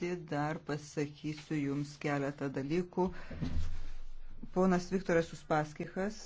sritį dar pasakysiu Jums keletą dalykų. Ponas Viktoras Uspaskichas